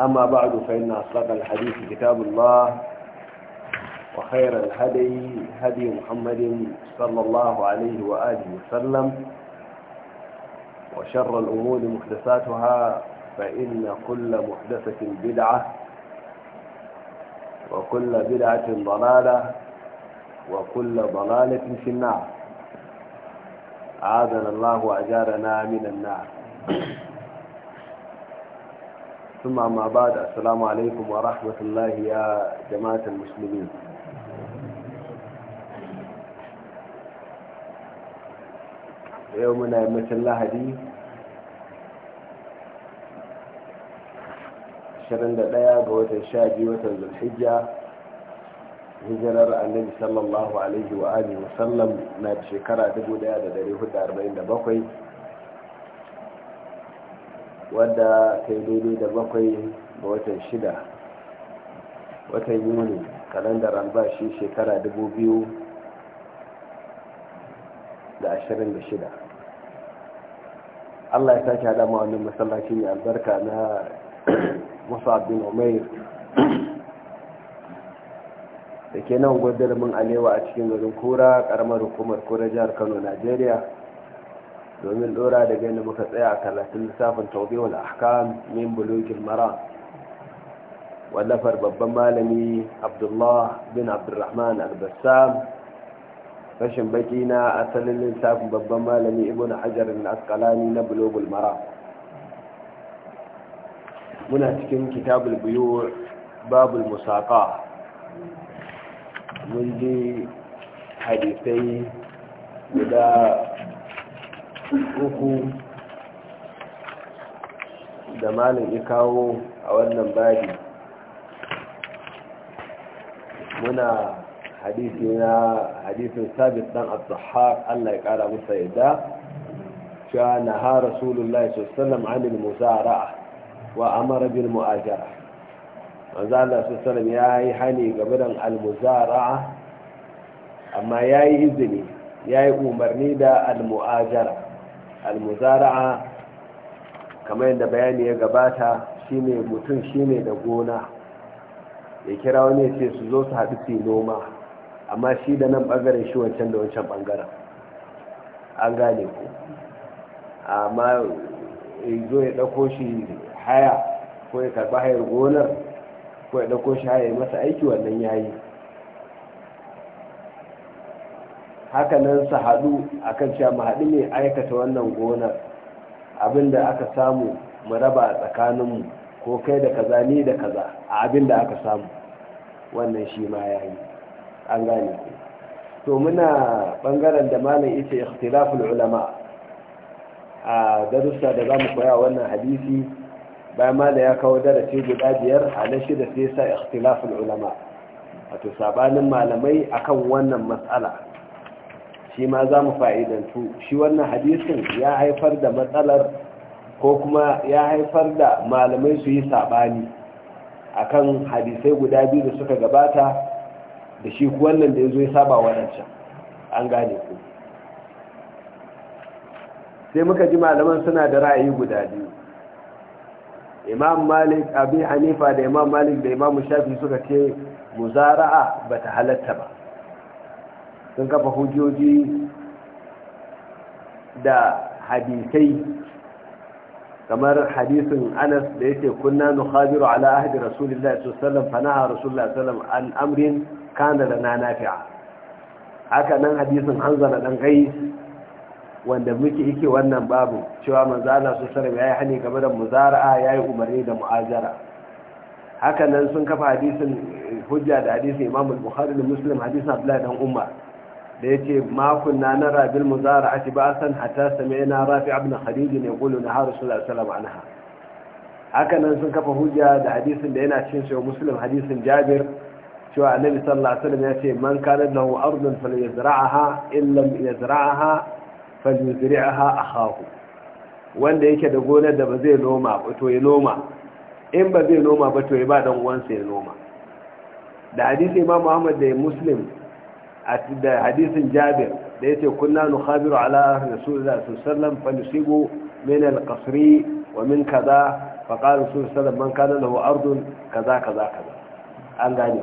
أما بعد فإن أصدق الحديث كتاب الله وخير الهدي هدي محمد صلى الله عليه وآله وسلم وشر الأمور محدثاتها فإن كل محدثة بدعة وكل بدعة ضلالة وكل ضلالة في النار عاذنا الله وأجارنا من النار ثم ما بعد السلام عليكم ورحمة الله يا جماعة المسلمين يومنا مثل الله دي شرن دايا قوة الشاجي وتنز الحجة هجر النبي صلى الله عليه وآله وسلم ناد شكرا دبو دايا دا دريه دا أربعين دا wadda ta yi daidai da bakwai ga watan shida watan yuni kalandar albashi shekara dubu biyu da ashirin da shida allah ya sake haɗa ma wani masallaci ne albarka na musa abin umair da ke nan gwadarmin alewa a cikin garin kura karamar hukumar kura jihar kano najeriya domin dora da gani muka tsaya a karatun lissafin tawbihul ahkam min bulugin mara wallafar babban malami abdullah bin abdurrahman albassam rashin baki na asalin lissafin babban malami ibn hajar al-asqalani na bulogin mara muna cikin kitabul buyu babul musaqa mun ji hadisai guda uku da malin ya kawo a wannan babi muna hadisi na hadisin sabit dan al-sahar Allah ya kara musa yadda cewa na ha rasulullahi sallallahu anil musara'a wa amara bil mu'ajara manzo Allah sallallahu ya yi hani game da al-musara'a amma yi izini ya yi umarni da al-mu'ajara almuzara'a kamar yadda bayani ya gabata shine mutum shine da gona ya kira wani ya ce su zo su haɗu su noma amma shi da nan ɓangaren shi wancan da wancan ɓangaren an gane ku amma ya zo ya ɗauko shi haya ko ya karɓi hayar gonar ko ya ɗauko shi haya masa aiki wannan yayi haka nan su haɗu a kan cewa mu haɗu mai aikata wannan gonar abin aka samu mu raba a tsakaninmu ko kai da kaza ni da kaza a abin aka samu wannan shi ma ya yi an gane ku to muna ɓangaren da malam ita ikhtilaful ulama a darussa da zamu mu koya wannan hadisi bayan malam ya kawo darasi guda biyar a na shida sai sa ikhtilaful ulama wato sabanin malamai akan wannan matsala shi ma za mu fa'idantu shi wannan hadisin ya haifar da matsalar ko kuma ya haifar da malamai su yi saɓani a kan hadisai guda biyu da suka gabata da shi wannan da ya zo ya saba waɗancan an gane ku sai muka ji malaman suna da ra'ayi guda biyu imam malik abin hanifa da imam malik da imam shafi suka ce muzara'a ba ta halatta ba sun kafa hujjoji da hadisai kamar hadisin anas da yake kunna nukhabiru ala ahdi rasulillahi sallallahu alaihi wasallam fanaha rasulullahi sallallahu alaihi an amrin kana lana nafi'a haka nan hadisin hanzala dan gai wanda muke yake wannan babu cewa manzo Allah sallallahu alaihi wasallam yayi hani game da muzara'a yayi umarni da mu'ajara haka nan sun kafa hadisin hujja da hadisin Imam al-Bukhari da Muslim hadisin Abdullah dan Umar da ya ce makon na na rabin muzara a ake ba san hata same na rafi abin hadidi ne gulu na haru sallallahu alaihi anha haka nan sun kafa hujja da hadisin da yana cin shi muslim hadisin jabir cewa annabi sallallahu alaihi wasallam ya ce man kana lahu ha, fal in lam ha a haku. wanda yake da gonar da ba zai noma ba to ya noma in ba zai noma ba to ya ba dan uwansa ya noma da hadisi imam Muhammad da ya Muslim da hadisin jabir da yace kunna nukhabiru ala rasulullahi sallallahu fa nusibu min al-qasri wa min kaza fa qala rasulullah man kana lahu ardun kaza kaza kaza an gane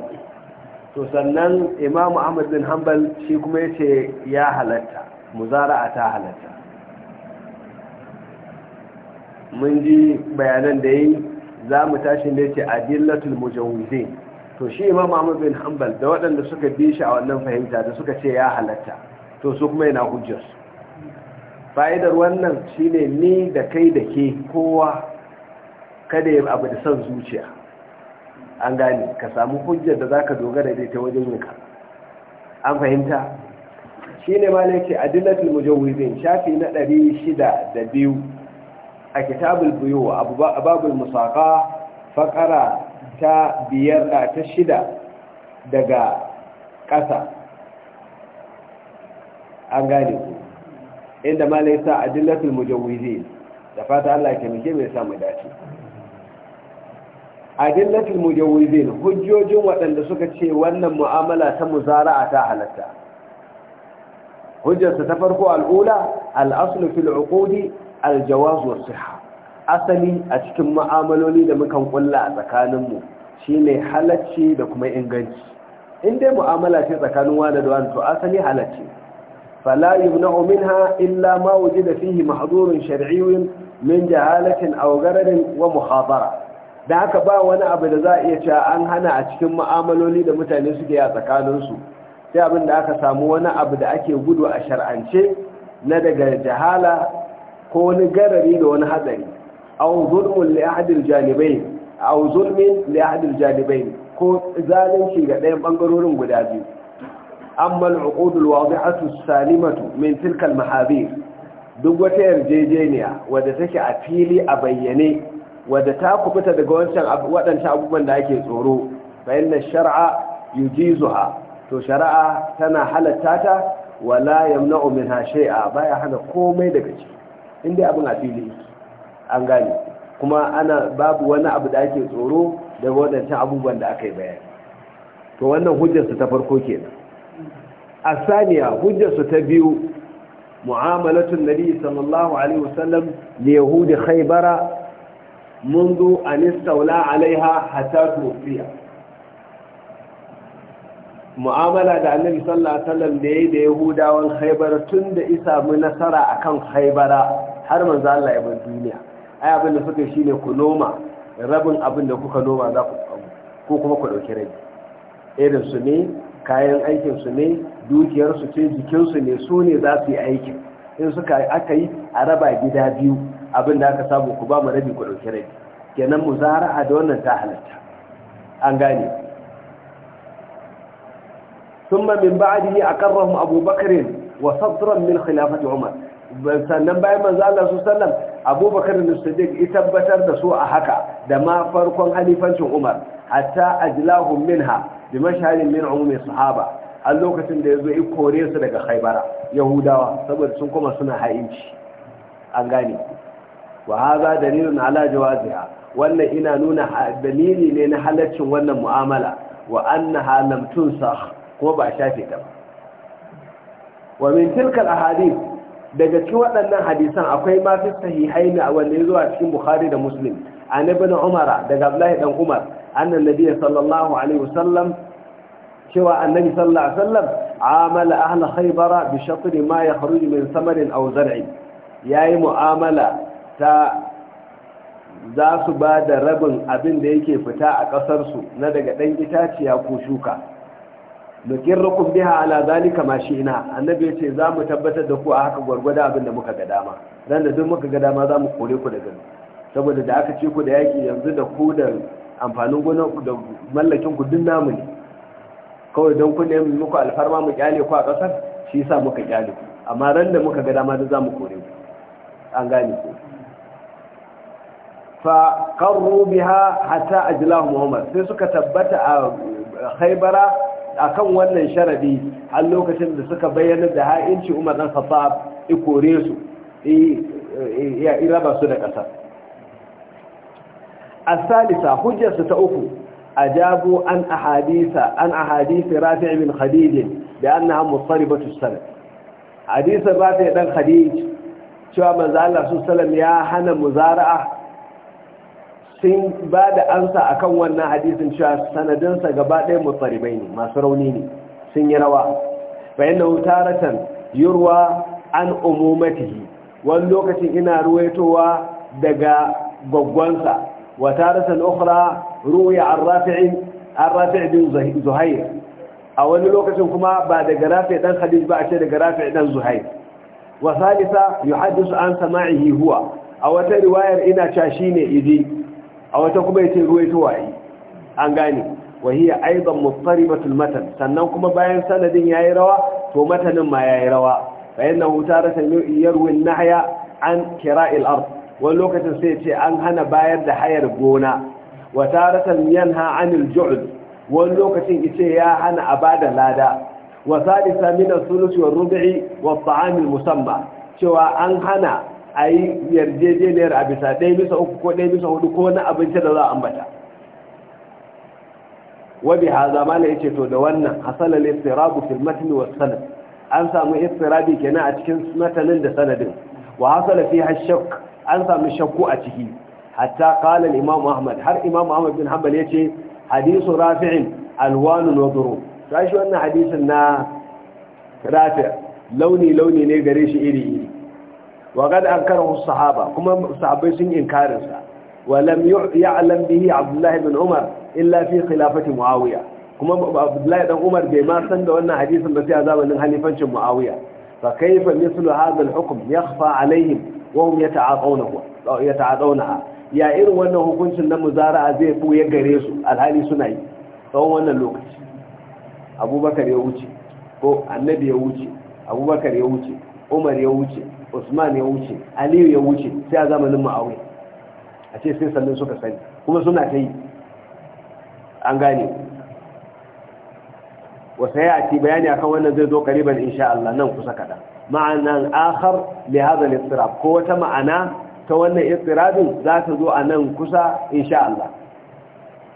to sannan imamu ahmad bin hanbal shi kuma yace ya halatta muzara'a ta halatta mun ji bayanan da yi za mu tashi da yace adillatul mujawizin to shi imam ahmad bin hanbal da waɗanda suka bi shi a wannan fahimta da suka ce ya halatta to su kuma yana hujjar fa'idar wannan shine ni da kai da ke kowa kada ya abu da son zuciya an gane ka samu hujjar da zaka dogara da ita wajen yinka an fahimta shine ma ne ce adillatul mujawizin shafi na ɗari shida da biyu a kitabul a babul musaka fakara ta biyar ta shida daga ƙasa an gane ku inda ma laisa adillatul mujawizin da fata Allah ke muke mai samu dace adillatul mujawizin hujjojin waɗanda suka ce wannan mu'amala ta muzara'a ta halatta hujjarsa ta farko al'ula al'aslu fil uqudi al asali a cikin ma'amaloli da muka kulla a tsakaninmu shi ne halacci da kuma inganci in yi mu'amala ce tsakanin wani da wani to asali halacci fala omin ha illa ma da fihi mahadurin shar'iyyun min jahalatin aw wa muhabara. da haka ba wani abu da za a iya cewa an hana a cikin ma'amaloli da mutane suke a tsakaninsu sai abin da aka samu wani abu da ake gudu a shar'ance na daga jahala ko wani garari da wani hatsari aw zulmun li ahad ko zalunci ga ɗayan ɓangarorin guda biyu amma al-uqud al salimatu min tilka al duk wata yarjejeniya wadda take a fili a bayyane wadda ta daga wancan waɗancan abubuwan da ake tsoro bayan na shari'a yujizuha to shari'a tana halatta ta wala yamna'u minha baya hana komai daga ciki inda abin a fili an gane kuma ana babu wani abu da ake tsoro daga waɗancan abubuwan da aka yi bayani to wannan hujjarsu ta farko kenan a saniya hujjarsu ta biyu mu'amalatun nabi sallallahu alaihi wasallam da yahudi khaybara منذ أن استولى عليها حتى توفي mu'amala da annabi sallallahu alaihi wasallam da yayi da yahudawan haibara tun da ya sami nasara akan haibara har manzo Allah duniya ai abin da suka shi ne ku noma rabin abin da kuka noma za ku samu ko kuma ku ɗauki rabi irin su ne kayan aikin su ne dukiyar ce jikin su ne su ne za su yi aikin in suka aka yi a raba gida biyu abin da aka samu ku ba mu rabi ku ɗauki rabi kenan muzara'a da wannan ta halatta an gane ثم من بعده أقرهم أبو بكر وصدرا من خلافة عمر sannan bayan manzo Allah su sallam abubakar da siddiq ya tabbatar da su a haka da ma farkon halifancin umar hatta ajlahum minha bi mashhalin min umumi sahaba a lokacin da yazo ya kore su daga haibara. yahudawa saboda sun kuma suna ha'inci an gane wa hadha dalilun ala jawaziha wannan ina nuna dalili ne na halaccin wannan mu'amala wa annaha lam tunsakh kuma ba shafe ta ba wa min tilka al ahadith daga cikin waɗannan hadisan akwai ma fi sahihaini a wanda ya zuwa cikin bukhari da muslim an ibn umar daga abdullahi dan umar annan nabi sallallahu alaihi wasallam cewa annabi sallallahu alaihi wasallam amala ahla khaybara bi shatr ma yakhruju min samarin aw zar'in yayi mu'amala ta za su ba da rabin abin da yake fita a ƙasarsu na daga ɗan itaciya ko shuka nukirrukum biha ala zalika ma shi'na annabi ce za mu tabbatar da ku a haka gwargwada abin da muka ga dama dan da duk muka ga dama za mu kore ku daga saboda da aka ce ku da yaki yanzu da ku da amfanin gona da mallakin ku duk namu ne kawai don ku ne muku alfarma mu kyale ku a kasar shi yasa muka kyale ku amma ran da muka ga dama da za mu kore ku an gane ku fa qarru biha hatta ajlahu muhammad sai suka tabbata a khaybara akan wannan sharadi har lokacin da suka bayyana da ha'inci umar dan khattab i kore su ya iraba su da ƙasa Salisa hujjarsu ta uku ajabu an ahadisa an ahadisi rafi' bin khadij da annaha musaribatu sanad hadisa rafi' dan khadij cewa manzo Allah sallallahu ya hana muzara'a sun ba da ansa akan wannan hadisin cewa sanadinsa gaba ɗaya mutsaribai ne masu rauni ne sun yi rawa bayan da wutaratan yurwa an umumatihi wani lokacin ina ruwaitowa daga gwaggwansa wataratan ukhra ruwa a rafi'i an rafi' bin zuhair a wani lokacin kuma ba daga rafi' ɗan hadis ba a ce daga rafi' ɗan zuhair wasalisa salisa yuhaddisu an sama'ihi huwa a wata riwayar ina cashi ne idi a wata kuma ya ce ruwaitowa waye an gane wahiya aiban muftaribatul matan sannan kuma bayan sanadin yayi rawa to matanin ma yayi rawa fa innahu taratan yarwi an-nahya an kira'il ard wani lokacin sai ce an hana bayar da hayar gona wa taratan yanha anil ju'd wani lokacin yace ya hana abada lada wa salisa min al wa rubu'i wa musamma cewa an hana a yi yarjejeniyar a bisa ɗaya bisa uku ko ɗaya bisa hudu ko wani abinci da za a ambata wabi ha zama ya ce to da wannan ne sirabu fil matn wa sanad an samu istirabi kenan a cikin matanin da sanadin wa hasala fi hashak an samu shakku a ciki hatta qala al imam ahmad har imam ahmad bin hanbal yace hadisu rafi'in alwanun wa duru shi wannan hadisin na rafi' launi launi ne gare shi iri iri wa qad ankarahu sahaba kuma sahabai sun inkarin sa wa lam ya'lam bihi Abdullahi bin Umar illa fi khilafati Muawiya kuma Abdullahi dan Umar bai ma san da wannan hadisin ba sai a zamanin halifancin Muawiya fa kayfa mithlu hadha al-hukm yakhfa alaihim wa hum yata'aqawnahu yata'aqawnaha ya irin wannan hukuncin na muzara'a zai buye gare su alhali suna yi tsawon wannan lokaci abubakar ya wuce ko annabi ya wuce abubakar ya wuce umar ya wuce usman ya wuce aliyu ya wuce sai a zamanin ma'awai a ce sai sannan suka sani kuma suna ta yi an gane wasu ya ci bayani akan wannan zai zo kariban insha Allah nan kusa kaɗan ma'anan akhar li hadha al-istirab ko wata ma'ana ta wannan istirabin za ta zo a nan kusa insha Allah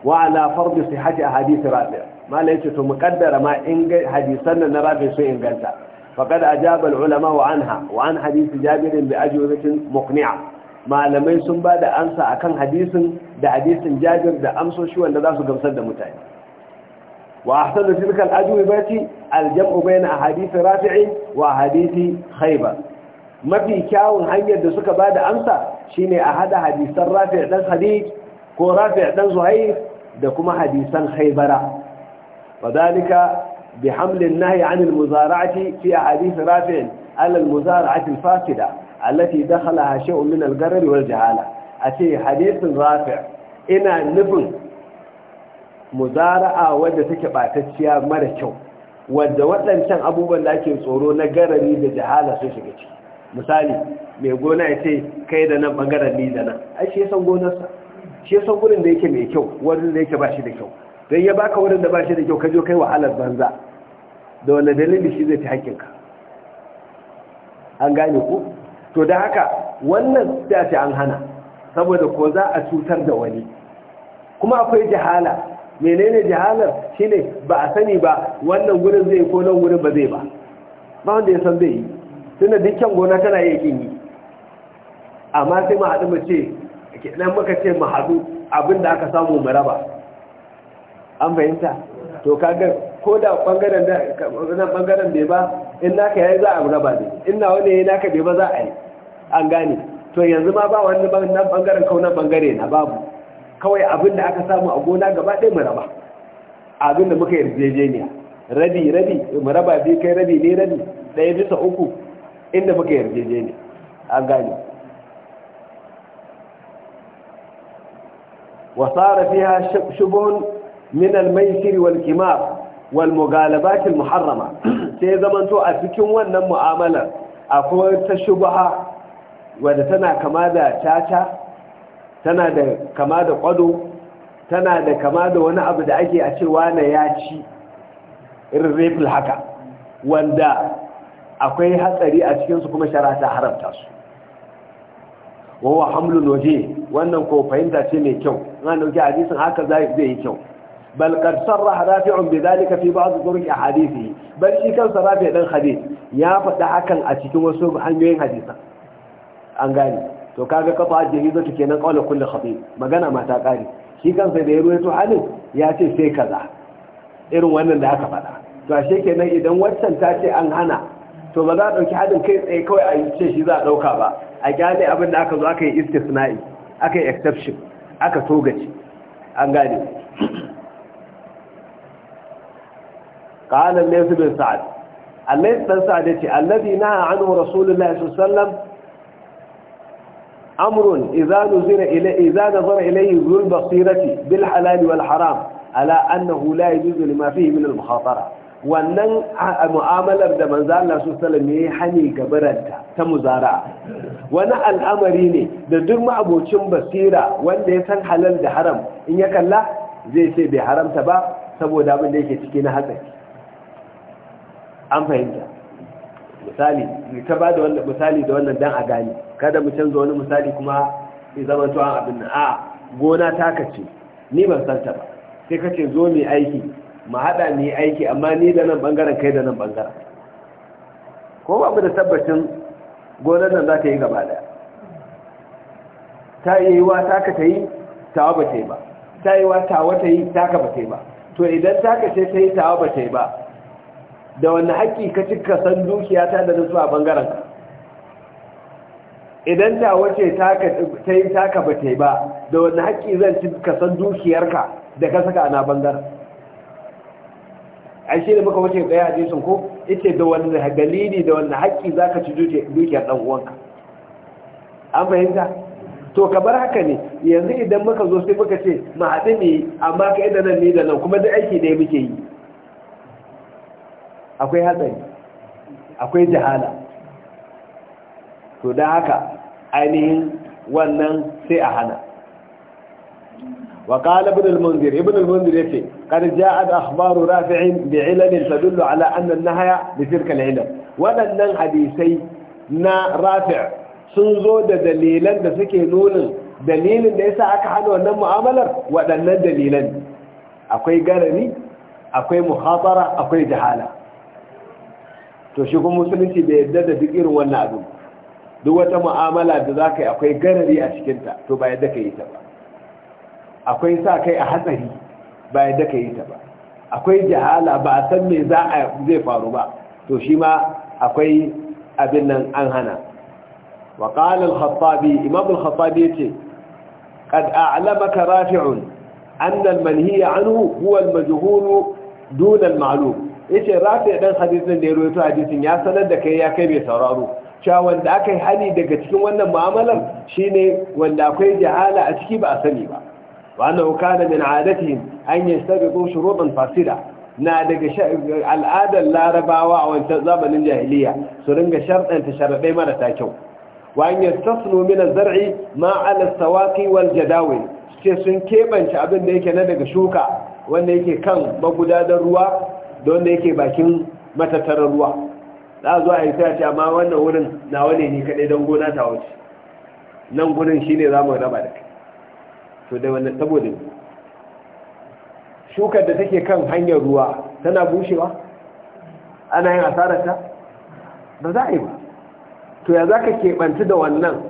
wa ala fardi sihhati ahadith rabi' mala ce to muqaddara ma in hadisan nan na rabi sun inganta فقد ajabar العلماء عنها وعن حديث جابر بأجوبة مقنعة malamai sun ba da ansa akan hadisin da hadisin jabir da amsoshi wanda za su gamsar da mutane wa ahsanu tilka al-ajwibati al-jam'u bayna ahadith rafi'i wa ahadith khaybar mafi kyawun hanyar da suka ba da amsa shine ahada hada hadisan rafi' dan hadith ko rafi' ɗan zuhair da kuma hadisan khaybara wadalika بحمل النهي عن المزارعة في حديث رافع على المزارعة الفاسدة التي دخلها شيء من القرر والجهالة أتي حديث رافع إن نفن مزارعة ودى تكبع batacciya مرشو ودى wadda waɗancan abubuwan da ake tsoro na garari da jahala sun misali mai gona ya ce kai da nan bangaren ni da nan ai shi san gonarsa shi san gurin da yake mai kyau wurin da yake ba shi da kyau don ya baka wurin da ba shi da kyau ka je kai wahalar banza da wanda dalili shi zai fi haƙƙinka an gane ku to da haka wannan da an hana saboda ko za a cutar da wani kuma akwai jihala. menene jihalar shi ne ba a sani ba wannan gurin zai ko nan wurin ba zai ba ba wanda ya san zai yi da dukkan gona tana iya yakin yi amma sai mu haɗu mu ce kiɗan muka ce mu haɗu abin aka samu mu raba an fahimta to kagar ko da bangaren da bangaren bai ba in naka yayi za a raba ne in na nawa ne naka bai ba za a yi an gane to yanzu ma ba wani nan bangaren kaunan bangare na babu kawai abin da aka samu a gona gaba ɗaya mu raba abin da muka yarjejeniya rabi rabi mu raba bi kai rabi ne rabi ɗaya bisa uku inda muka yarjejeniya an gane وصار min al-maisir wal-kimar wal mughalabatil muharrama sai zamanto a cikin wannan mu'amalar akwai ta shubaha, wanda tana kama da caca tana da kama da kwado tana da kama da wani abu da ake a cewa na ya ci irin haka wanda akwai hatsari a cikinsu kuma shara ta haramta su wawa hamlin waje wannan ko fahimta ce mai kyau na dauki hadisin haka zai yi kyau بل قد صرح رافع بذلك في بعض طرق احاديثه بل شي كان رافع دان حديث يا فدا hakan a cikin wasu hanyoyin hadisa an gane to kaga kafa jahiza to kenan qala kullu khatib magana mata kare shi kansa da ya ruwaito halin ya ce sai kaza irin wannan da aka faɗa to ashe kenan idan waccan ta ce an hana to ba za a ɗauki hadin kai tsaye kawai a ce shi za a ɗauka ba a kyale abin da aka zo aka yi istisna'i aka yi exception aka togaci an gane qala laysa bin sa'ad allai dan sa'ad yace alladhi naha anhu rasulullahi sallallahu amrun idza nuzira ila idza nazara ilayhi basirati bil halal wal haram ala annahu la yajuzu lima fihi min al mukhatara wannan mu'amalar da manzo Allah su sallam yayi hani gabaranta ta muzara'a wani al'amari ne da duk ma'abocin basira wanda ya san halal da haram in ya kalla zai ce bai haramta ba saboda abin da yake ciki na hatsari an fahimta misali ta ba da wannan misali da wannan dan a gani kada mu canza wani misali kuma ya zama to an abin nan a gona ta kace ni ban san ta ba sai kace zo mai aiki mu hada ni aiki amma ni da nan bangaren kai da nan bangaren ko ba mu da tabbacin gonar nan za ta yi gaba daya ta yi wa taka ta yi tawa ba ta yi ba ta yi wa tawa ta yi ba ta yi ba to idan taka ce ta yi tawa ba ta yi ba da wani haƙƙi ka cika san dukiya ta da nasu a bangaren idan ta wace ta yi taka ba ta yi ba da wani haƙƙi zan cika san dukiyarka da ka saka ana bangaren a shi da muka wace ɗaya a jisun ko ita da wani dalili da wani haƙƙi za ka ci dukiyar ɗan uwanka an fahimta to ka bar haka ne yanzu idan muka zo sai muka ce ma haɗi ne amma ka yi da nan ne da nan kuma da aiki ne muke yi akwai hatsari akwai jahala to da haka ainihin wannan sai a hana وقال ابن المنذر ابن المنذر يفي قد جاءت أخبار رافع بعلل تدل على أن النهي بتلك العلل waɗannan hadisai na rafi' sun zo da dalilan da suke nunin dalilin da yasa aka hana wannan mu'amalar waɗannan dalilan akwai garani akwai muhatara akwai jahala to shi kuma musulunci bai yarda da duk irin wannan abin duk wata mu'amala da za ka yi akwai garari a cikinta to ba yadda ka yi ta ba akwai sa kai a hatsari ba yadda ka yi ta ba akwai jahala ba a san me za a zai faru ba to shi ma akwai abin nan an hana wa qala al-khattabi imam al-khattabi yace qad a'lamaka rafi'un anna al-manhiya anhu huwa al-majhul dun al-ma'lum yace rafi dan hadisin da ya rawaito hadisin ya sanar da kai ya kai mai sauraro cewa wanda aka yi hali daga cikin wannan mu'amalar shine wanda akwai jahala a ciki ba a sani ba wannan kana min adatihim an yastabiqu shurutan fasida na daga al'adar larabawa a wancan zamanin jahiliya su ringa sharɗanta mara ta kyau az-zar'i ma 'ala as-sawaqi wal والجداول ce sun keɓance abin da yake na daga shuka wanda yake kan magudanar ruwa da wanda yake bakin matattarar ruwa za a zo a yi sai ce amma wannan wurin na wane ne kaɗai don gona ta wuce nan gudun shi ne za mu raba da kai to da wannan saboda shukar da take kan hanyar ruwa tana bushewa ana yin asararta ba za a yi ba to ya za ka keɓanci da wannan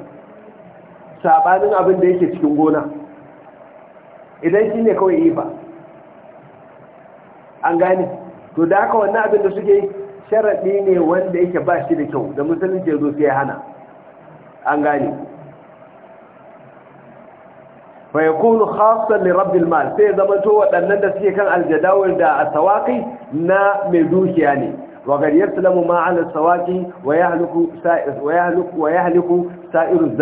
saɓanin abin da yake cikin gona idan shi ne kawai yi ba an gane to da haka wannan abin da suke sharaɗi ne wanda yake ba shi da kyau da musulunci ya zo sai hana an gane fa kunu khasar li rabbil mal sai zama to waɗannan da suke kan aljadawar da a asawaki na mai dukiya ne wa gar yaslamu ma ala sawaki wa ya haliku sa'irin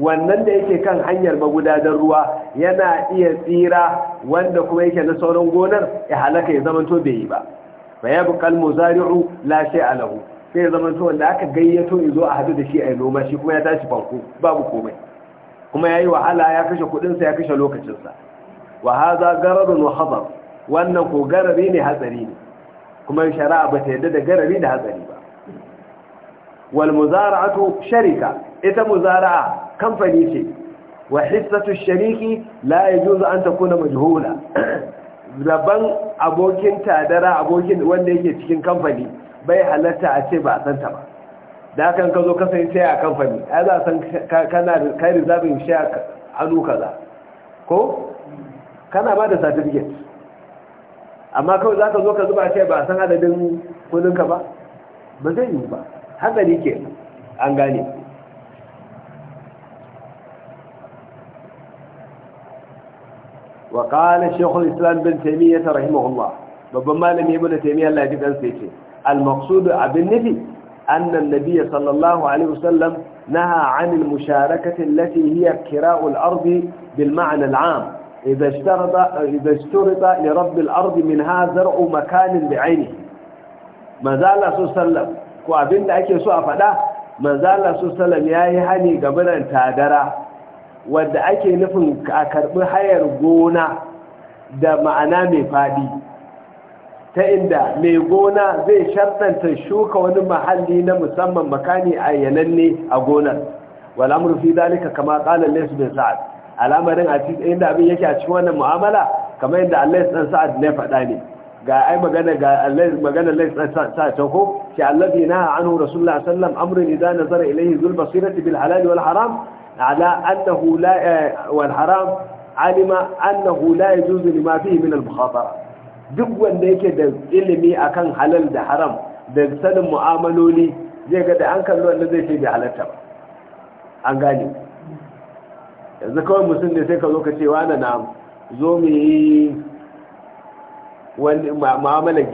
wannan da yake kan hanyar magudanar ruwa yana iya tsira wanda kuma yake na sauran gonar ya halaka ya zamanto bai yi ba fa ya buƙal muzari'u la shay'a lahu sai ya zamanto wanda aka gayyato izo a hadu da shi a noma shi kuma ya tashi fanko, babu komai kuma yayi wahala ya kashe kuɗinsa ya kashe lokacinsa. Wahaza wa haza wa wannan ko garari ne hatsari ne kuma shari'a ba ta yarda da garari da hatsari ba wal muzara'atu sharika ita muzara'a kamfani ce wa hissatu shariki la yajuzu an takuna majhula zaban abokin tadara abokin wanda yake cikin kamfani bai halatta a ce ba a ta ba da kan ka zo ka sayi a kamfani ai za a san kana kai rizabin shaya anu kaza ko kana ba da certificate amma kai za ka zo ka zuba a ba a san adadin ka ba ba zai yi ba ne ke an gane وقال الشيخ الإسلام بن تيمية رحمه الله ربما لم يبن تيمية الله يجب أن سيكي المقصود بالنبي أن النبي صلى الله عليه وسلم نهى عن المشاركة التي هي كراء الأرض بالمعنى العام إذا اشترط, إذا اشترط لرب الأرض منها زرع مكان بعينه ماذا الله صلى الله عليه وسلم وابن لأكي سؤال فلا ماذا الله صلى الله عليه وسلم يا هاني قبل أن تادره wadda ake nufin a karɓi hayar gona da ma'ana mai faɗi ta inda mai gona zai shartanta shuka wani mahalli na musamman makani a yananne a gonar wal'amur fi dalika kama ƙalar lesu bin sa'ad al'amarin a cikin inda abin yake a cikin wannan mu'amala kamar inda allah ɗan sa'ad ne faɗa ne ga ai magana ga magana lai sa'ad ta ko ki allazi na anhu rasulullah sallam amrun idza nazara ilayhi dhul basirati bil halal wal haram على أنه لا والحرام علم أنه لا يجوز لما فيه من المخاطرة duk wanda yake da ilimi akan halal da haram da sanin mu'amaloli zai ga da an kallo wanda zai ce bai an gane yanzu kawai mutum ne sai ka ka ce wani na zo mu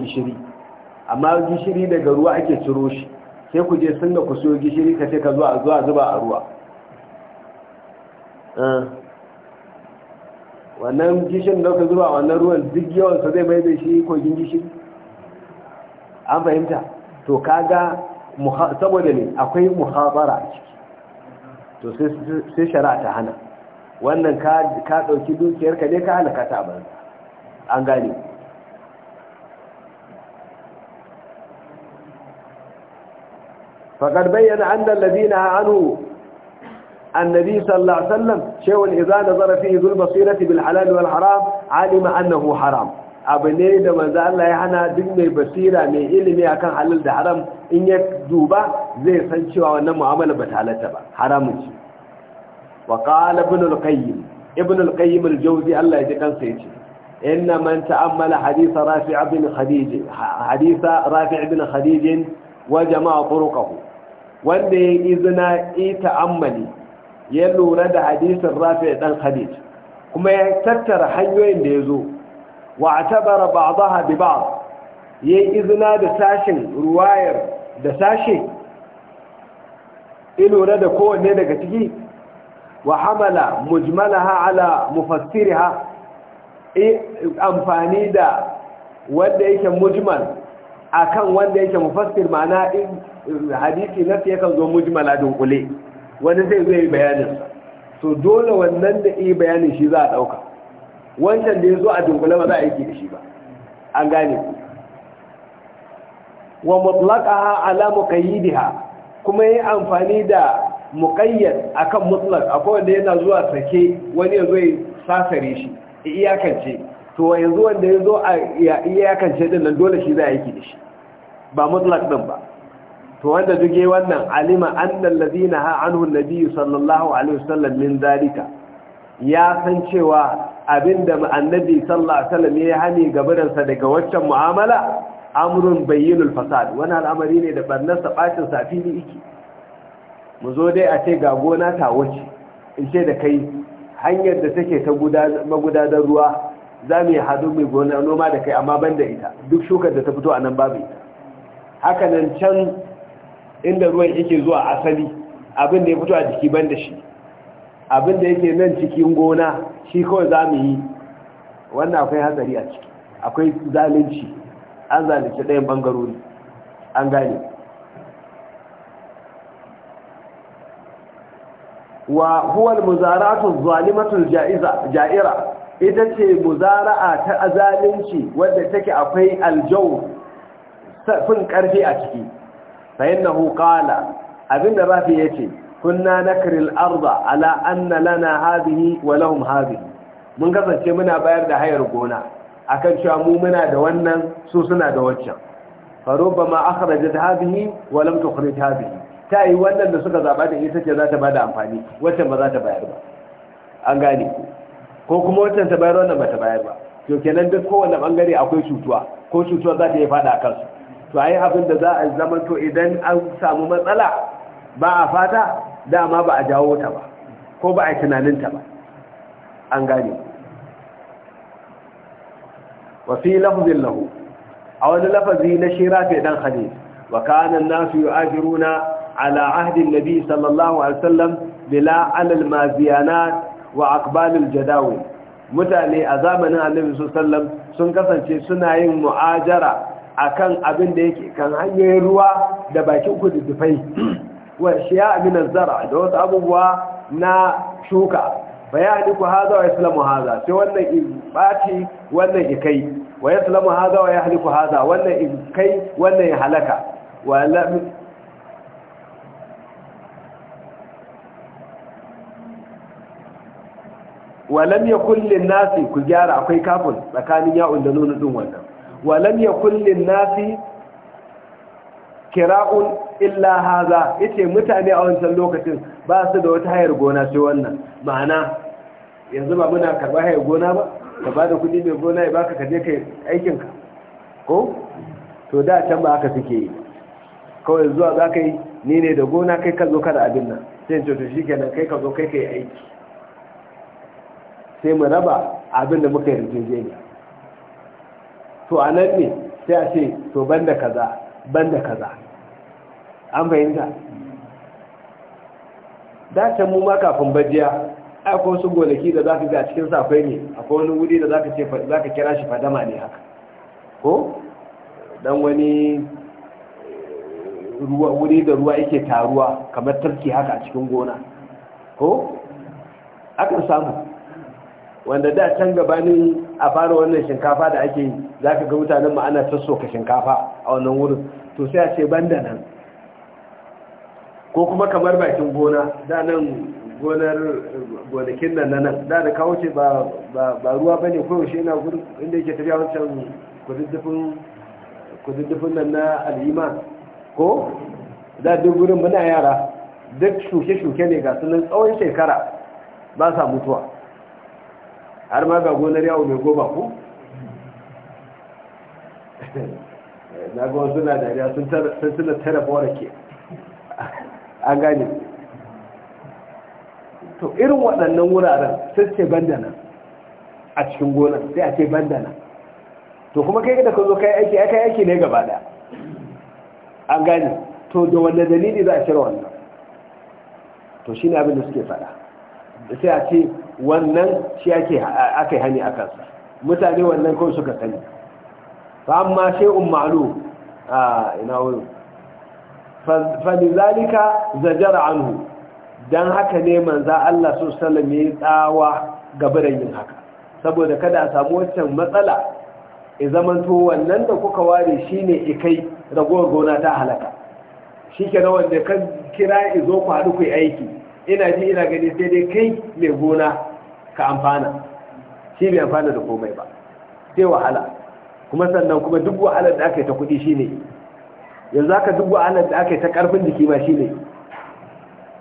gishiri amma gishiri daga ruwa ake ciro shi sai ku je sun ku siyo gishiri ka ce ka zuba a ruwa Ah. wannan gishin da ka zuba wannan ruwan duk yawansa zai mai da shi kogin gishin, an fahimta to kaga saboda ne akwai muhabara a ciki to sai shari'a ta hana wannan ka ɗauki dukiyarka ne ka halaka ta abin an gane faƙar bayyana an dallabi na anu النبي صلى الله عليه وسلم شيء إذا نظر فيه ذو البصيرة بالحلال والحرام علم أنه حرام abu ne da manzo Allah ya hana duk mai basira mai ilimi akan halal da haram in ya duba zai san cewa wannan mu'amala ba halatta ba haramun ce wa ibn al-qayyim ibn al-qayyim al-jawzi Allah ya ji kansa yace inna man ta'ammala hadith rafi' ibn Khadija, hadith rafi' ibn khadij wa jama'a turuqahu wanda ya izina i ta'ammali. ya lura da hadisin rafi ɗan hadith kuma ya tattara hanyoyin da ya zo wa atabara ba'daha bi ba'd yayi izina da sashin ruwayar da sashe lura da kowanne daga ciki wa hamala mujmalaha ala mufassiriha amfani da wanda yake mujmal akan wanda yake mufassir ma'ana hadisi na nasu kan zo mujmala dunkule wani zai zai bayanin so dole wannan da iya bayanin shi za a ɗauka wancan da ya zo a dunkule ba za a yi da shi ba an gane ku wa ha ala ha kuma yi amfani da muqayyad akan mutlaq akwai wanda yana zuwa sake wani ya zo ya sasare shi iyakance to yanzu wanda ya zo a iyakance din nan dole shi za a aiki da shi ba mutlak din ba to wanda duke wannan alima annal ladina ha anhu nabi sallallahu alaihi wasallam min zalika ya san cewa abinda annabi sallallahu alaihi wasallam ya hani gabaran daga waccan mu'amala amrun bayyinul fasad wani al'amari ne da barnar sa bacin sa fili iki mu zo dai a ce ga gona ta wuce in ce da kai hanyar da take ta magudanar ruwa za mu yi hadu mai gona noma da kai amma banda ita duk shukar da ta fito anan babu ita haka nan can inda ruwan yake zuwa asali abin da ya fito a jiki ban da shi abin da yake nan cikin gona shi kawai za mu yi wannan akwai hatsari a ciki akwai zalunci an zalunci ɗayan ɓangarori an gane wa huwal muzaratu zalimatul ja'ira ita ce muzara'a ta zalunci wadda take akwai aljau fin ƙarfi a ciki fa innahu qala abinda rafi ce, kunna na nakril arba ala anna lana hadhihi wa lahum mun kasance muna bayar da hayar gona akan cewa mu muna da wannan su suna da waccan ma aka raje hadhihi wa lam tukhrij hadhihi ta yi wannan da suka zaba da ita ce za ta bada amfani waccan ba za ta bayar ba an gane ko kuma waccan ta bayar wannan ba ta bayar ba to kenan duk kowanne bangare akwai cutuwa ko cutuwa za ta yi fada a kansu to yi abin da za a zama to idan an samu matsala ba a fata dama ba a jawo ta ba ko ba a tunaninta ba an gane wa fi lahu a wani lafazi na shirafe dan hadis wa kana nasu yu'ajiruna ala ahdi nabi sallallahu alaihi bila alal maziyana wa aqbalul jadawil mutane a zamanin annabi Sallam sun kasance suna yin mu'ajara akan abin da yake kan hanyoyin ruwa da bakin kududdufai wa shiya min zara da wasu abubuwa na shuka bayani ku haza wa islamu haza sai wannan in ɓaci wannan ikai wa islamu haza wa yahliku haza wannan in kai wannan ya halaka wa walam yakun lin nasi ku gyara akwai kafin tsakanin ya'un da nunu din wannan walam ya kullin nasi kira'un illa haza yace mutane a wancan lokacin ba su da wata hayar gona sai wannan ma'ana yanzu ba muna karba hayar gona ba ka ba da kudi mai gona baka ka je kai aikinka ko to da can ba aka suke yi kawai zuwa za ka yi ni ne da gona kai ka zo ka abin nan sai ce to shikenan kai ka zo kai ka yi aiki sai mu raba abin da muka yarjejeniya to a nan ne sai a ce to da kaza ban da kaza an fahimta dace mu ma kafin bajiya akwai wasu gonaki da za ka ga cikin safai ne akwai wani wuri da za ka ce za ka kira shi fadama ne haka ko dan wani eh, ruwa wuri da ruwa yake taruwa kamar tarki haka a cikin gona ko akan samu wanda da can gabanin a fara wannan shinkafa da ake yi za ka ga mutanen ma'ana ta soka shinkafa a wannan wurin to sai a ce banda nan ko kuma kamar bakin gona da nan gonar gonakin nan nan da da kawo ce ba ruwa ba ne koyaushe na gudun inda yake tafiya wancan kududdufin nan na al'ima ko da duk gudun muna yara duk shuke-shuke ne ga sunan tsawon shekara ba sa mutuwa har ma ga gonar yawon mai goba ku na ga wasu na dariya sun suna tara bora ke an gane to irin waɗannan wuraren sun ce bandana a cikin gona sai a ce bandana to kuma kai da ka zo kai aiki aka aiki ne gaba da an gane to da wanda dalili za a shirwa wannan to shine abin da suke faɗa sai a ce wannan shi ake yi hani a kansa mutane wannan kawai suka sani fa amma shay'un ma'lum a ah, ina wuri fa zajara anhu dan haka ne manzo Allah sallallahu alaihi wasallam ya tsawa gabaran yin haka saboda kada a samu wancan matsala ya zamanto wannan da kuka ware shine ikai ragowar gona ta halaka shi ke wanda kan kira izo ku haɗu ku aiki ina ji ina gani sai dai kai mai gona ka amfana shi bai amfana da komai ba sai wahala kuma sannan kuma duk wahalar da aka yi ta kuɗi shine yanzu aka duk wahalar da aka yi ta ƙarfin jiki ma shine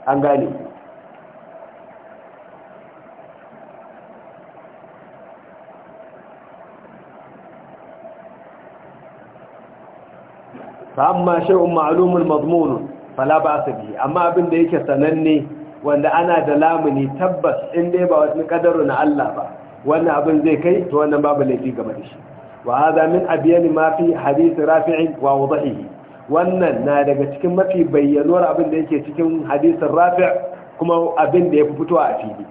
an gane amma shay'un ma'alumin madmun fala ba su bi amma abin da yake sananne wanda ana da lamuni tabbas inda dai ba kadaru na Allah ba wannan abin zai kai to wannan babu laifi game da shi وهذا من أبيان ما في حديث رافع ووضحه wannan na daga cikin mafi bayyanuwar abin da yake cikin hadisin rafi' kuma abin da ya fi fitowa a fili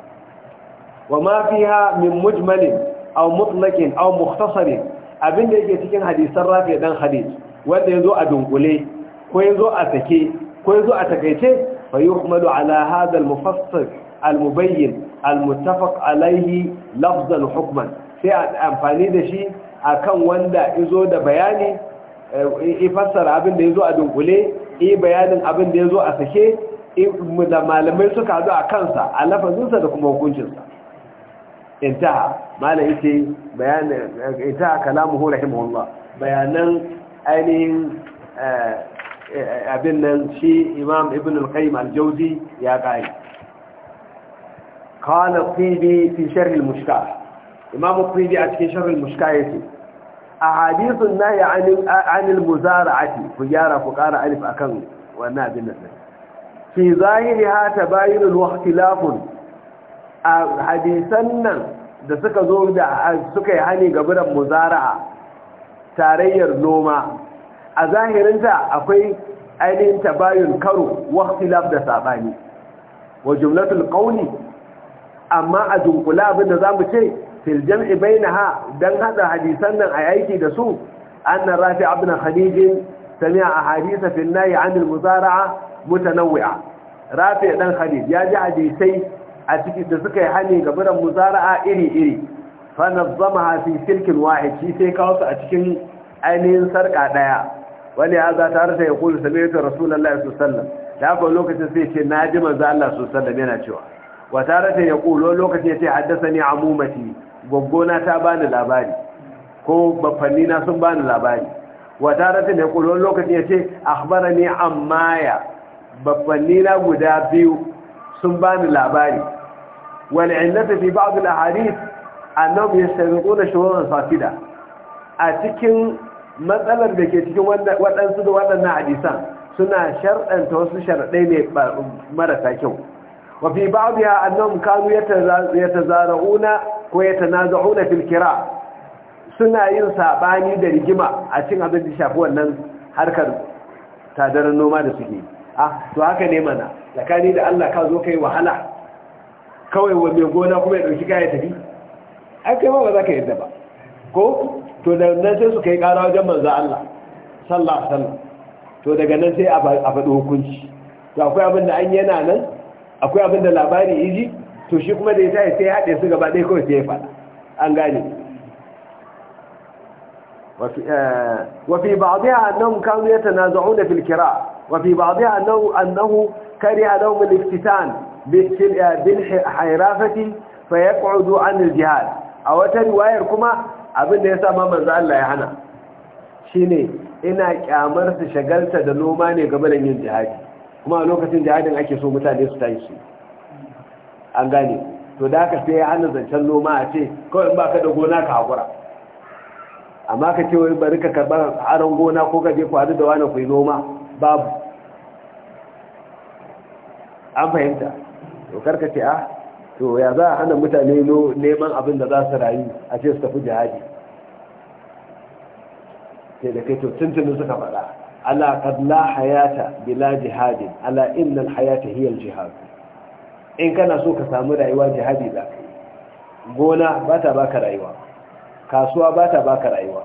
wa ma fiha min mujmalin aw mutlaqin aw mukhtasarin abin da yake cikin hadisin rafi' dan hadis wanda yazo a dunkule ko yazo a sake ko yazo a takaice? fa yuhmalu ala hadha al mufassal al mubayyin al muttafaq alayhi lafzan hukman sai amfani da shi akan wanda izo da bayani eh, i fassara abin da zo a dunkule i bayanin abin da zo a sake da malamai suka zo a kansa a lafazinsa da kuma hukuncinsa intaha malam yace bayanin kalamu kalamuhu rahimahullah bayanan ainihin eh, abin nan shi imam ibn al-qayyim al-jawzi ya kai qala tibi fi sharh al-mushkah imam al-qurdi a cikin sharh al-mushka yace ahadithun nahi anil muzara'ati ku gyara ku kara alif akan wannan abin nan fi zahiriha tabayinun wa ikhtilafun a hadisan nan da suka zo da suka yi hani ga biran muzara'a tarayyar noma a zahirinta akwai ainihin tabayun karo ikhtilaf da sabani wa jumlatul qawli amma a dunkula abin da zamu ce fil jam'i bainaha dan hada hadisan nan a aiki da su anna rafi ibn khadij sami'a a hadisa nahy Amin al muzara'a mutanawwi'a rafi dan khadij ya ji hadisai a cikin da suka yi hani ga biran muzara'a iri iri fa nazzamaha fi silkin wahid sai kawo su a cikin ainihin sarƙa ɗaya. wani ya za ta ya kulu sami'tu rasulullahi sallallahu alaihi lokacin sai ce na ji manzo Allah sallallahu yana cewa Wata rata ya ƙulo lokaci ya ce haddasa ni amumati gwaggona ta bani labari ko bafanni na sun bani labari wata rata ya ƙulo lokaci ya ce akhbara ni ammaya bafanni na guda biyu sun bani labari Wani wal illata fi ba'd al ahadith annahum yastabiquna shururan fasida a cikin matsalar da ke cikin waɗansu da waɗannan hadisan suna sharɗanta wasu sharaɗai ne marasa kyau وفي بعضها ko كانوا يتزارعون filkira suna yin saɓani da rigima a cin abin da shafi wannan harkar tadarin noma da suke ah to haka ne mana tsakani da Allah ka zo kai wahala kawai wa mai gona kuma ya dauki kaya tafi ai kai ma ba za ka yadda ba ko to da nan sai su kai ƙara wajen manzo Allah sallallahu alaihi wasallam to daga nan sai a faɗi hukunci to akwai abin da an yana nan akwai abin da labari yi ji to shi kuma da ya ta sai ya haɗe su gaba kawai sai ya faɗa an gane wafi eh, ba abu annahu kanu ta nazo'un da filkira wafi ba abu ya annahu eh, annahu kari bin hairafati fa ya ƙudu an jihad a wata riwayar kuma abin da ya sa mamman Allah ya hana shine ina kyamar su shagalta da noma ne gaban yin jihadi kuma a lokacin jihadin ake so mutane su tashi su an gane to da aka sai an zancen noma a ce kawai in ba ka da gona ka haƙura amma ka ce wai bari ka karɓar aron gona ko ka je hadu da wani kuwa noma babu an fahimta to karka ce a ah, to ya za a hana mutane neman abin da za su rayu a ce su tafi jihadi sai da kai to tuntunin suka faɗa ala qad la hayata bila jihadin ala innal hayata hiya jihad in kana so ka samu rayuwa jihadi za gona ba ta baka rayuwa kasuwa ba ta baka rayuwa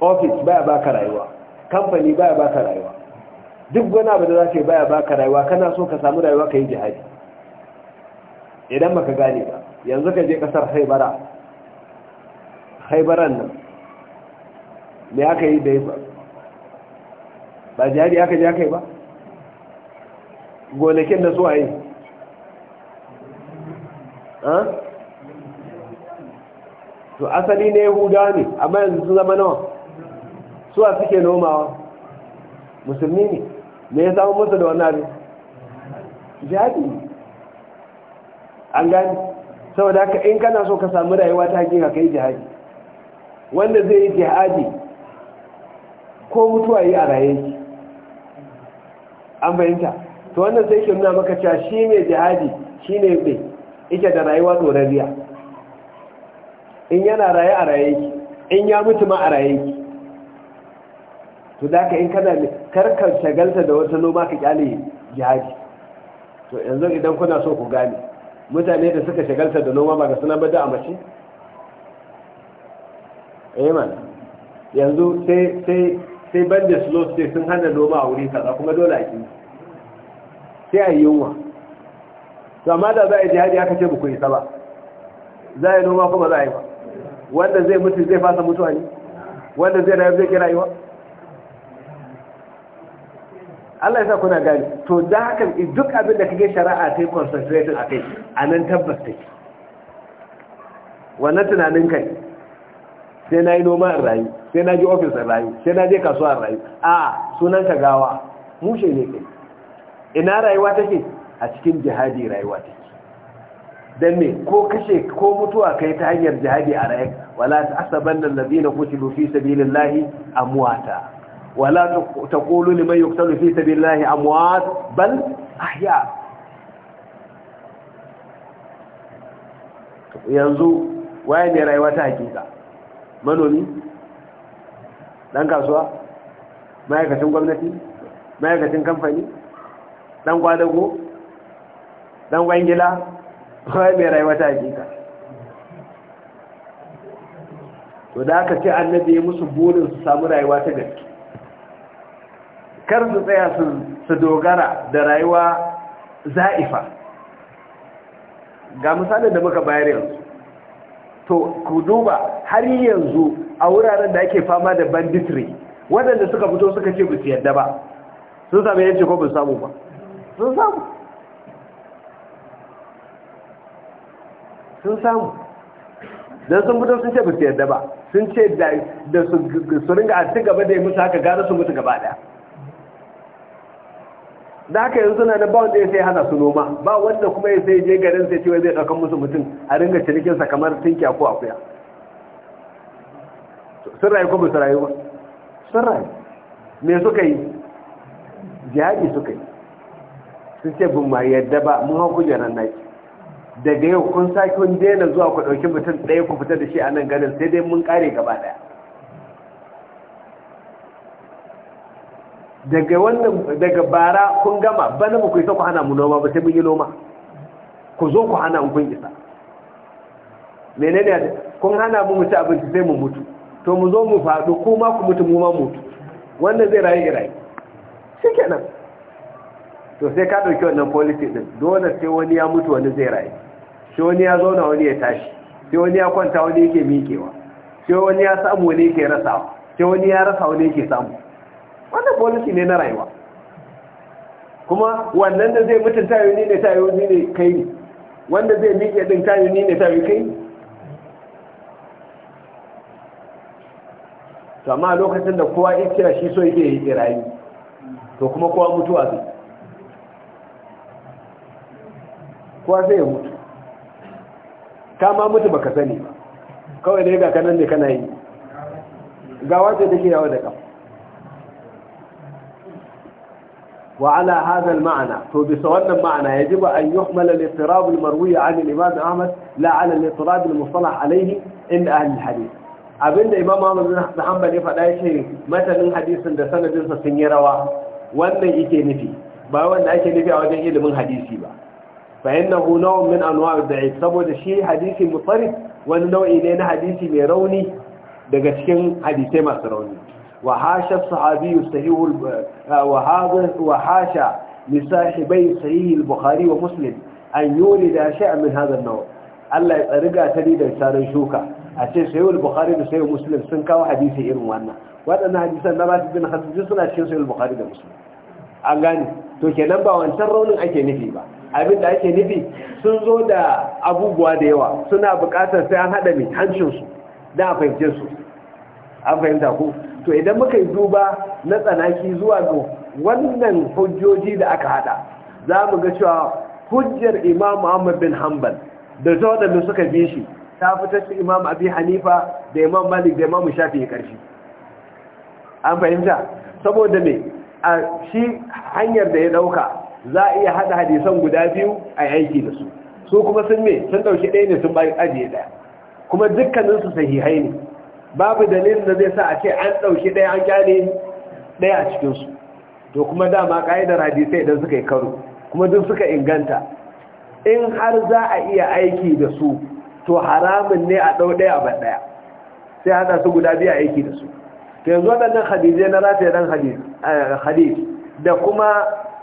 ofis baya baka rayuwa kamfani baya baka rayuwa duk wani abu da za ka baya baka rayuwa kana so ka samu rayuwa ka yi jihadi idan baka gane ba yanzu ka je kasar haibara haibaran nan me aka yi da yi ba jihadi aka ja kai ba gonakin da su a yi to asali ne huda ne amma yanzu su zama nawa suwa suke nomawa musulmi ne me ya samu musu da wannan abin jihadi an gani saboda haka in kana so ka samu rayuwa ta hakika kai jihadi wanda zai yi jihadi ko mutuwa yi a raye an fahimta to wannan sai ke nuna maka cewa shi ne jihadi shi ne mai ike da rayuwa tsorariya in yana raye a raye ki in ya mutu ma a raye ki to da ka in kana karkar shagalta da wata noma ka kyale jihadi to yanzu idan kuna so ku gane mutane da suka shagalta da noma ba ga suna bada a mace eh man yanzu sai sai sai ban da slow state sun hana noma a wuri kaza kuma dole a kini sai a yi yunwa to amma da za a yi jihadi aka ce buku isa ba za a yi noma kuma za a yi ba wanda zai mutu zai fasa mutuwa ne wanda zai rayu zai kira yi wa Allah ya sa kuna gani to da haka duk abin da kake shari'a ta yi akai, a kai a nan tabbas take wannan tunanin kai sai na yi noma in rayu sai na ji ofis in rayu sai na je kasuwa in rayu a sunan ka gawa mushe ne kai ina rayuwa take a cikin jihadi rayuwa take dan me ko kashe ko mutuwa kai ta hanyar jihadi a rayu wala ta'asabanna alladhina qutilu fi sabilillahi amwata wala taqulu liman yuqtalu fi sabilillahi amwat bal ahya yanzu waye ne rayuwa ta hakika manomi ɗan kasuwa ma'aikacin gwamnati ma'aikacin kamfani dan kwadago dan kwangila kawai mai rayuwa ta hakika to da aka ce annabi ya musu burin su samu rayuwa ta gaske kar su tsaya su dogara da rayuwa za'ifa ga misalin da muka bayar yanzu to ku duba har yanzu a wuraren da ake fama da banditry waɗanda suka fito suka ce bisu yadda ba sun sami yanci ko bin samu ba sun samu sun samu don sun fito sun ce bisu yadda ba sun ce da su ringa a cigaba gaba da yi musu haka gara su mutu gaba daya da haka yanzu na ba wanda ya sai hana su noma ba wanda kuma ya sai je garin sai cewa zai ɗaukan musu mutum a ringa cinikinsa kamar tinkiya ko akuya sun rayu ko ba su rayu ba sun rayu me suka yi jihadi suka yi sun ce bin ma yadda ba mun hau na naki daga yau kun sake kun daina zuwa ku ɗauki mutum ɗaya ku fita da shi a nan garin sai dai mun ƙare gaba ɗaya daga wannan daga bara kun gama bana mu kusa ku hana mu noma ba sai mun yi noma ku zo ku hana mu kun isa menene kun hana mu mutu abinci sai mu mutu to mu zo mu faɗo kuma ku mutu mu ma mutu wannan zai rayu irai shikenan to sai ka ɗauki wannan policy ɗin dole sai wani ya mutu wani zai rayu sai wani ya zauna wani ya tashi sai wani ya kwanta wani yake miƙewa sai wani ya samu wani yake rasawa sai wani ya rasa wani yake samu wannan policy ne na rayuwa kuma wannan da zai mutum tayo ni ne tayo ni ne kai ne wanda zai miƙe din tayo ni ne tayo kai ne to amma lokacin da kowa ya kira shi so yake yi kirayi to kuma kowa mutuwa zai kowa zai mutu ta ma mutu baka sani ba kawai da ya ga kanan ne kana yi gawa ce take yawo da kafa وعلى هذا المعنى فبسوانا معنى يجب أن يحمل الاضطراب المروي عن الإمام أحمد لا على الاضطراب المصطلح عليه عند أهل الحديث abinda imam Ahmad bin Hanbal ya faɗa yake matanin hadisin da sanadin sa sun yi rawa wannan yake nufi ba wanda ake nufi a wajen ilimin hadisi ba fa innahu naw'un min anwa' daif saboda shi hadisi mutarif wani nau'i ne na hadisi mai rauni daga cikin hadisai masu rauni وحاشى الصحابي صحيح wa لصاحبي صحيح البخاري ومسلم أن يولد شيئا من هذا النوع Allah ya tsari ga ta da sarin shuka a ce sayul bukhari da sayul muslim sun kawo hadisi irin wannan waɗannan hadisan na rafi bin hadisu suna cikin sayul bukhari da muslim an gane to kenan ba wancan raunin ake nufi ba abin da ake nufi sun zo da abubuwa da yawa suna buƙatar sai an haɗa mai hancinsu don a fahimce su an fahimta ku to idan muka yi duba na tsanaki zuwa ga wannan hujjoji da aka hada za mu ga cewa hujjar imam Ahmad bin Hanbal da ta suka bi shi ta fitar su imam Abi Hanifa da imam Malik da imam Shafi ya ƙarshe an fahimta saboda me a shi hanyar da ya ɗauka za a iya hada hadisan guda biyu a aiki da su su kuma sun me sun ɗauki ɗaya ne sun bayan ajiye ɗaya kuma dukkaninsu sahihai ne babu dalilin da zai sa a ce an ɗauki ɗaya an kyale ɗaya a cikinsu to kuma dama ƙa'idar hadisai idan suka yi karo kuma duk suka inganta in har za a iya aiki da su to haramun ne a ɗau ɗaya ban ɗaya sai haɗa su guda biya aiki da su to yanzu waɗannan hadisai na rafi ɗan hadis eh, da kuma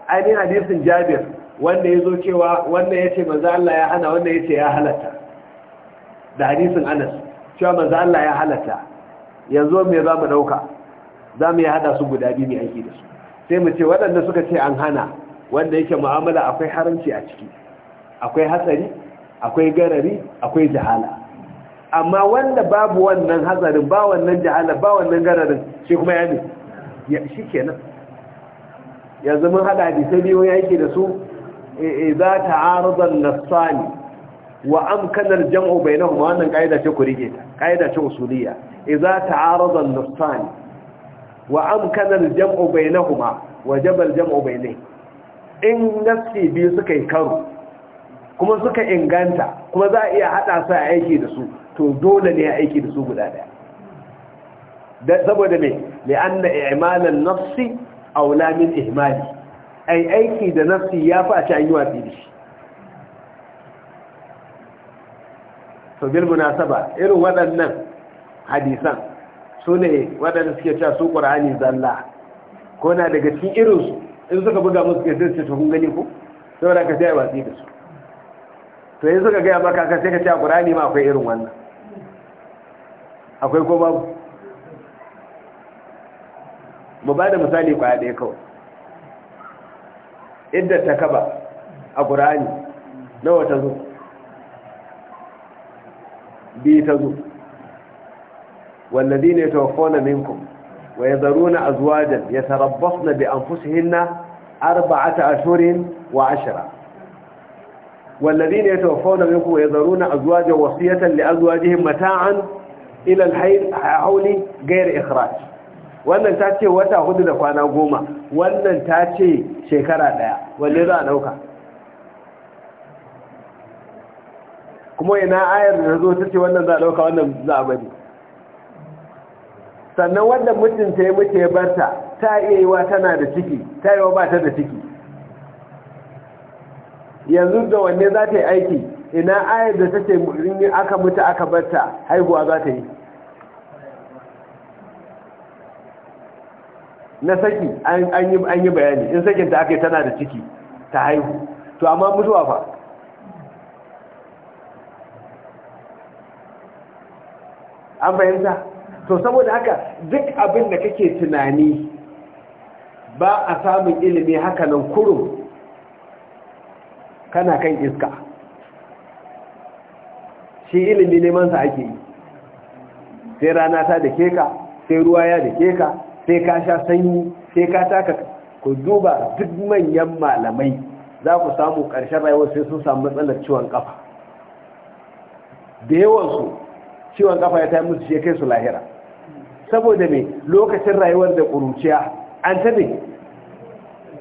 ainihin hadisin jabir wanda ya zo cewa wannan ya ce maza Allah ya hana wannan ya ce ya halatta da hadisin anas cewa za Allah ya halatta yanzu me za mu dauka za mu yi hada su guda biyu mai aiki da su sai mu ce waɗanda suka ce an hana wanda yake mu'amala akwai haramci a ciki akwai hatsari akwai garari akwai jahala amma wanda babu wannan hatsarin ba wannan jahala ba wannan gararin shi kuma ya ne shi kenan yanzu mun hada sai biyu ya yake da su eh, eh, za ta arzan nasani wa amkanar jam'u bainahuma wannan kaida ce ku rike ta kaida ce usuliyya idza ta'arada an-nuqsan wa amkana al-jam'u bainahuma wajaba al-jam'u bainahuma in nafsi biyu suka yi karo kuma suka inganta kuma za a iya haɗa sa a aiki da su to dole ne a aiki da su guda daya saboda me li'anna i'malan nafsi aula min ihmali ai aiki da nafsi ya a ci an yi wa shi to bil munasaba irin waɗannan hadisan su ne waɗanda suke cewa su ƙur'ani zalla ko na daga cikin irinsu in suka buga musu ke sai su kun gani ko saboda ka sai watsi da su to in suka gaya maka ka sai ka cewa ƙur'ani ma akwai irin wannan akwai ko babu mu ba da misali kwaya ɗaya kawai idda ta kaba a ƙur'ani nawa ta zo bi ta zo wallazi ne ta tawaffona minkum wa ya zaro na jan ya tarabbas na bi an fusihin na arba'ata ashirin wa ashira wallazi ne ta tawaffona minkum wa ya zaro na azuwajen wasiyatan li azuwajihin mata'an ilal hauli gayar ikhraj wannan ta ce wata hudu da kwana goma wannan ta ce shekara daya wanne za a dauka kuma ina ayar da zo ta ce wannan za a ɗauka wannan za a bari sannan wanda mutunta ya mutu ya barta ta iya wa tana da ciki ta wa ba ta da ciki yanzu da wanne za ta yi aiki ina ayar da ta ce in aka mutu aka barta haihuwa za ta yi na saki an yi bayani in sakinta aka yi tana da ciki ta haihu to amma mutuwa fa an fahimta to saboda haka duk abin da kake tunani ba a samun ilimi haka nan kurum kana kan iska shi ilimi nemansa ake yi sai rana ta da keka sai ruwa ya dake ka, sai ka sha sanyi sai ka taka ku duba duk manyan malamai za ku samu ƙarshen rayuwar sai sun samu matsalar ciwon kafa da yawansu ciwon kafa ya ta musu shi kai su lahira saboda me lokacin rayuwar da ƙuruciya an ta ne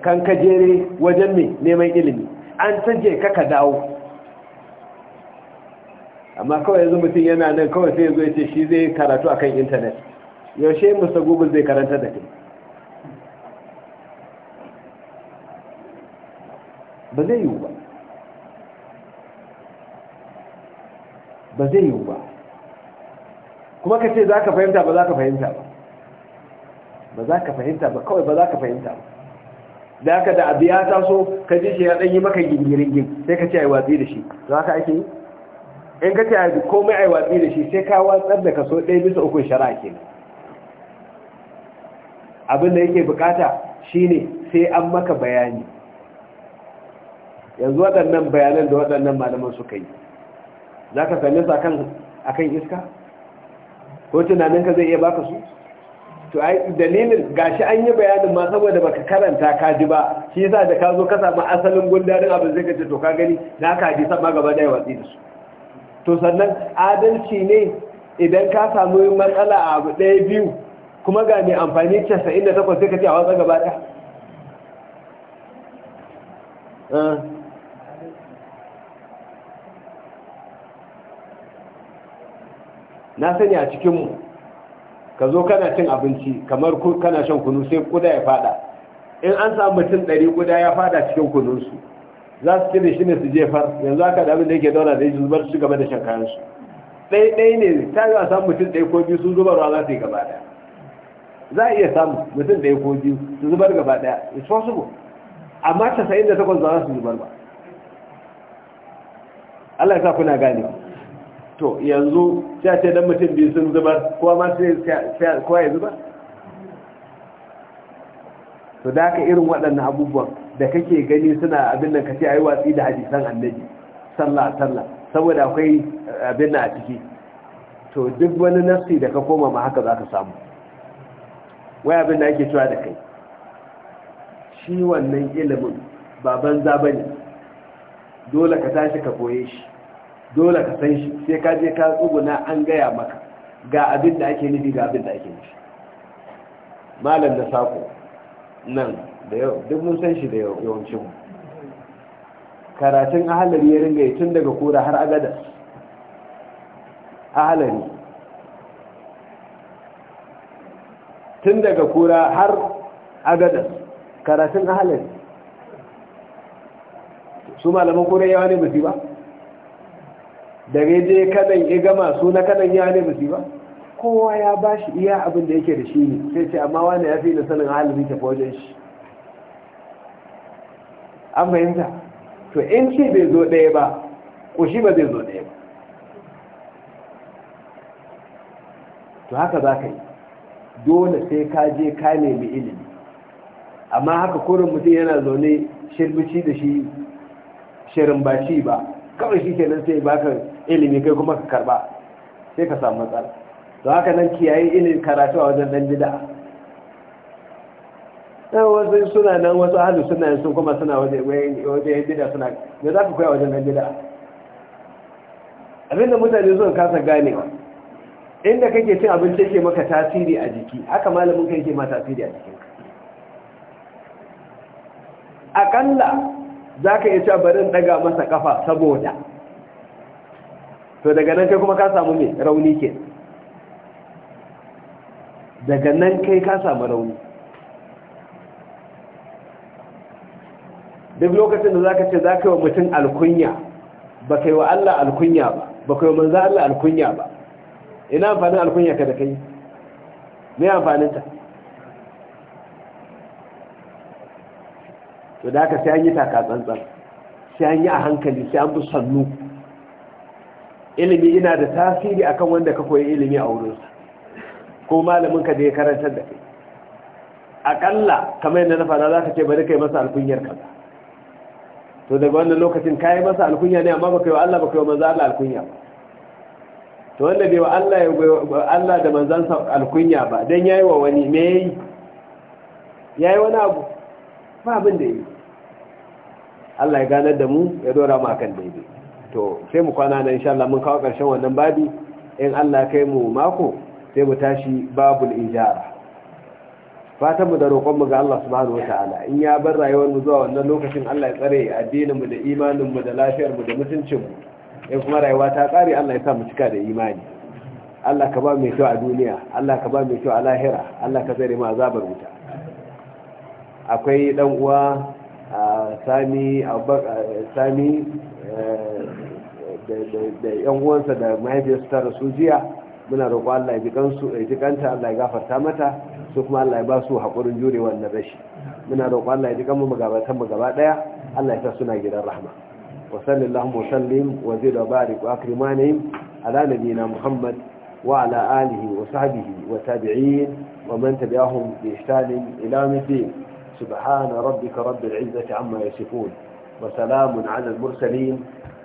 kan kajere wajen me neman ilimi an ta je ka dawo amma kawai yanzu mutum yana nan kawai sai yanzu ya ce shi zai karatu akan intanet yaushe musta google zai karanta da kai ba zai yiwu ba ba zai yiwu ba kuma ka ce za ka fahimta ba za ka fahimta ba ba za ka fahimta ba kawai ba za ka fahimta ba da aka da abu ya taso ka ji shi ya ɗanyi maka gingirin sai ka ce ai watsi da shi za ka ake in ka ce ai komai ai watsi da shi sai ka watsar da kaso ɗaya bisa ukun shari'a kenan abin da yake bukata shine sai an maka bayani yanzu waɗannan bayanan da waɗannan malaman suka yi za ka same su akan iska ko ka zai iya baka su to ai dalilin gashi an yi bayanin ma saboda baka karanta ka ji ba shi yasa da ka zo ka samu asalin gundarin abin zai kace to ka gani na ka ji sama gaba da watsi da su to sannan adalci ne idan ka samu matsala a abu ɗaya biyu kuma ga mai amfani 98 sai ka ce a wasa gaba ɗaya ah. na sani a cikinmu ka zo kana cin abinci kamar kana shan kunu sai kuda ya fada in an samu mutum ɗari kuda ya fada cikin kununsu za su cire shi ne su jefar yanzu aka da abin da yake daura da shi zubar su gaba da shan kayansu Ɗai ɗai ne ta yi a samu mutum ɗaya ko biyu su zubarwa za su yi gaba ɗaya za a iya samu mutum ɗaya ko biyu su zubar gaba ɗaya it's possible amma 98 za su zubar ba Allah ya sa kuna gane to yanzu sai ce dan mutum biyu sun zubar kowa ma sai kowa ya zubar to da ka irin waɗannan abubuwan da kake gani suna abin da kace ayi watsi da hadisan annabi sallah sallah saboda akwai abin da a ciki to duk wani nafsi da ka koma ma haka zaka samu wai abin da ake cewa da kai shi wannan ilimin ba banza bane dole ka tashi ka koye shi dole ka san shi sai ka je ka tsuguna an gaya maka ga abin da ake nufi ga abin da ake nufi malam da sako nan da yau duk mun san shi da yawancin mu karatun ahalari ya ringa tun daga kura har agada ahalari tun daga kura har agada karatun ahalari su malaman kura yawa ne ba da je kadan ya gama su na kadan ya ne musu ba kowa ya ba shi iya abin da yake da shi ne sai ce amma wani ya fi da sanin halin ta fojin shi an fahimta to in ce bai zo ɗaya ba ƙushi ba zai zo ɗaya ba to haka za ka yi dole sai ka je ka nemi ilimi amma haka kurin mutum yana zaune shirbici da shi shirin ba shi ba kawai shi kenan sai baka ilimi kai kuma ka karba sai ka samu matsala to haka nan kiyaye ilimi karatu a wajen dan bid'a sai wasu suna nan wasu ahli suna sun kuma suna waje waje bid'a suna me za ka koya wajen dan bid'a abinda mutane sun kasa wa. inda kake cin abinci yake maka tasiri a jiki haka malamin kai yake ma tasiri a jikinka akalla za ka iya cewa barin daga masa kafa saboda to daga nan kai kuma ka samu me rauni ke daga nan kai ka samu rauni duk lokacin da za ka ce ka yi wa mutum alkunya ba ka yi wa Allah alkunya ba ba ka yi wa manza Allah alkunya ba ina amfanin alkunya ka da kai me amfanin ta to da aka sai an yi taka tsantsan sai an yi a hankali sai an bi sannu ilimi ina da tasiri akan wanda ka koyi ilimi a wurinsa ko malamin ka da ya karantar da kai akalla kamar yadda na faɗa za ka ce bari kai masa alkunyar ka to daga wannan lokacin yi masa alkunya ne amma ba kai wa Allah ba yi wa manzo Allah alkunya ba to wanda bai wa Allah ya Allah da sa alkunya ba dan yayi wa wani me yayi yayi wani abu ba abin da yi Allah ya ganar da mu ya dora mu akan daidai to sai mu kwana na insha Allah mun kawo ƙarshen wannan babi in Allah kai mu mako sai mu tashi babul ijara fatan mu da roƙon mu ga Allah subhanahu wataala in ya bar rayuwar mu zuwa wannan lokacin Allah ya tsare addinin mu da imanin mu da lafiyar mu da mutuncin mu in kuma rayuwa ta tsare Allah ya sa mu cika da imani Allah ka ba mu kyau a duniya Allah ka ba mu kyau a lahira Allah ka tsare mu azabar wuta akwai dan uwa sami sami eh, da yan uwansa da mahaifiyarsu ta rasu jiya muna roƙo Allah ya ji kansu ya ji kanta Allah ya gafarta mata su kuma Allah ya ba su haƙurin jure wannan rashi muna roƙo Allah ya ji kanmu magabatan mu gaba daya Allah ya sa suna gidan rahma wa sallallahu wa sallim wa zid barik wa akrimanihim ala nabiyina Muhammad wa ala alihi wa sahbihi wa tabi'in wa man tabi'ahum bi ihsan ila yawm سبحان ربك رب العزة عما يصفون وسلام على المرسلين